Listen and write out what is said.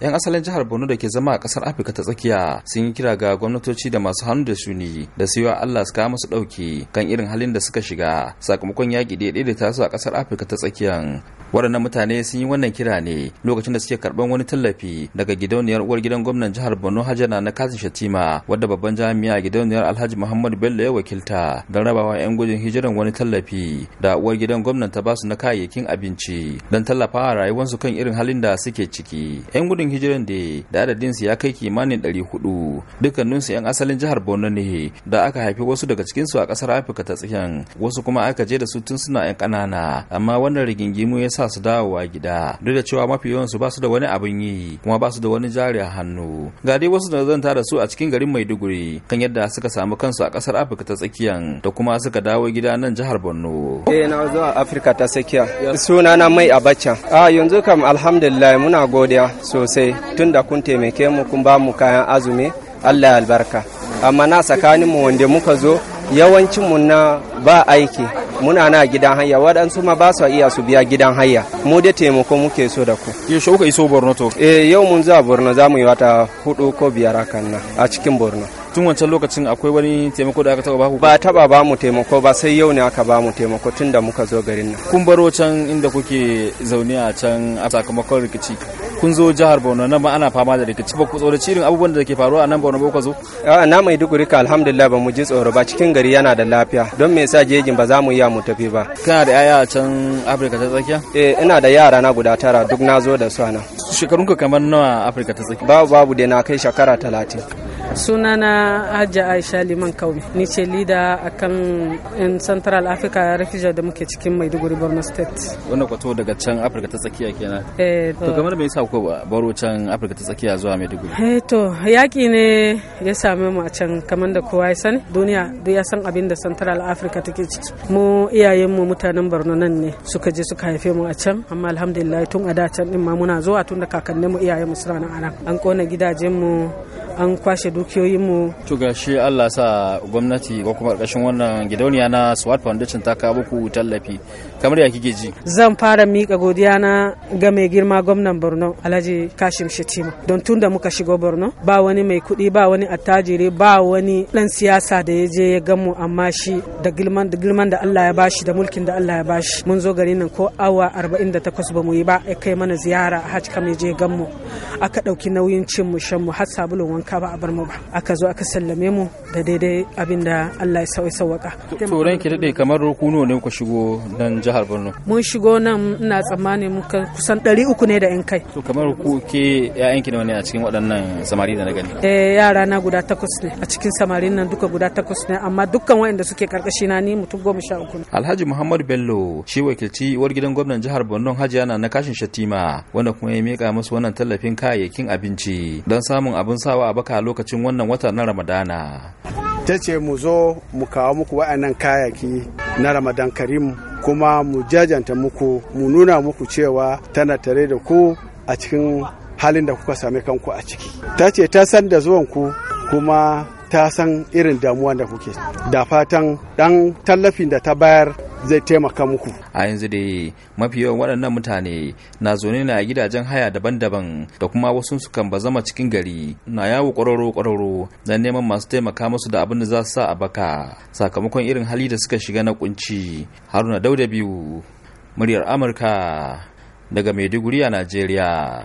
'yan asalin jihar borno da ke zama a kasar afirka ta tsakiya sun yi kira ga gwamnatoci da masu hannu da suni da su yiwa allah su kawo musu ɗauki kan irin halin da suka shiga sakamakon yaƙi daidai da taso a kasar afirka ta tsakiyan waɗannan mutane sun yi wannan kira ne lokacin da suke karɓar wani tallafi daga gidauniyar uwar gidan gwamnan jihar borno hajjana na kasin shatima wadda babban jami'a gidauniyar alhaji muhammadu bello ya wakilta don rabawa 'yan gudun hijiran wani tallafi da uwar gidan gwamnan ta basu na kayayyakin abinci don tallafawa rayuwarsu kan irin halin da suke ciki 'yan gudun hijiran da da adadinsu ya kai kimanin ɗari 400 dukkaninsu 'yan asalin jihar borno ne da aka haifi wasu daga cikinsu a ƙasar afirka ta tsakiyan wasu kuma aka je da su tun suna 'yan ƙanana amma wannan rigingimu ya sa su dawowa gida duk da cewa mafi yawansu ba su da wani abin yi kuma ba su da wani jari a hannu ga dai wasu da zan da su a cikin garin maiduguri kan yadda suka samu kansu a kasar afirka ta tsakiya da kuma suka dawo gida nan jihar borno eh na afirka ta tsakiya suna na mai abacha a ah, yanzu kam alhamdulillah muna godiya sosai tunda kun taimake mu kun ba mu kayan azumi allah albarka amma na mu wanda muka zo yawancinmu na ba aiki muna na gidan haya waɗansu ma ba su iya su biya gidan haya mu da taimako muke so da ku yaushe kuka iso borno to eh yau mun zuwa borno za mu yi wata hudu ko biyar hakan nan a cikin borno tun wancan lokacin akwai wani taimako da aka taba baku ba taba ba mu taimako ba sai yau ne aka ba mu taimako tun da muka zo garin nan kun baro can inda kuke zaune a can a sakamakon rikici kun zo jihar Borno nan ma ana fama da rikici ba ku tsoro cirin abubuwan da ke faruwa a nan Borno ba ku zo a na mai duguri ka alhamdulillah ba mu ji tsoro ba cikin gari yana da lafiya don me yasa jejin ba za mu iya mu tafi ba kana da yaya can Afirka ta tsakiya eh ina da yara na guda tara duk na zo da su ana shekarunka kamar nawa Afirka ta tsakiya babu babu dai na kai shekara talatin sunana Hajji aisha liman kaumi ni ce lida a kan in central africa refugee da muke cikin maiduguri borno state wanda kwato daga can afirka ta tsakiya kenan eh to kamar me yasa ku baro can afirka ta tsakiya zuwa maiduguri eh to yaki ne ya same mu a can kamar da kowa ya sani duniya duk ya san abin da central africa take ciki mu iyayen mu mutanen borno nan ne suka je suka haife mu a can amma alhamdulillah tun a da can din ma muna zuwa tun da mu iyayen mu suna nan an kona gidajen mu an kwashe dukiyoyinmu. To gashi Allah sa gwamnati ko kuma ƙarƙashin wannan gidauniya na Swat Foundation ta kawo ku tallafi. Kamar ya kike ji? Zan fara miƙa godiya na ga mai girma gwamnan Borno Alhaji Kashim Shetima. Don tunda muka shigo Borno ba wani mai kuɗi ba wani attajiri ba wani ɗan siyasa da ya je ya gamu amma shi da girman da girman da Allah ya bashi da mulkin da Allah ya bashi. Mun zo garin nan ko awa 48 ba mu yi ba kai mana ziyara hajji kamar je gamu aka ɗauki nauyin cin mu shan mu har sabulun wanka haka ba a bar mu ba aka zo aka sallame mu da daidai abin da Allah ya sauya sawaka turan ki dade kamar rukuno ne ku shigo nan jihar Borno mun shigo nan ina tsammani muka kusan 300 ne da yan kai to kamar ku ke ƴaƴan ki ne a cikin waɗannan samari da na gani eh yara na guda takwas ne a cikin samarin nan duka guda takwas ne amma dukkan waɗanda suke karkashi na ni mutum goma sha uku Alhaji Muhammad Bello shi wakilci war gidan gwamnan jihar Borno Hajiya na kashin Shatima wanda kuma ya mika musu wannan tallafin kayayyakin abinci don samun abin sawa a baka lokacin wannan wata na ramadana ta ce mu zo mu kawo muku wa'annan kayaki na ramadan karim kuma mu jajanta muku mu nuna muku cewa tana tare da ku a cikin halin da kuka sami kanku a ciki ta ce ta san da zuwan ku kuma ta san irin damuwa da kuke da fatan dan tallafin da ta bayar zai taimaka muku a yanzu dai mafi yawan waɗannan mutane na zaune na gidajen haya daban-daban da kuma wasu sukan zama cikin gari na yawo ƙwararro kwararo don neman masu taimaka musu da abin da za su sa a baka sakamakon irin hali da suka shiga na kunci haruna dauda biyu muryar amurka daga maiduguri a najeriya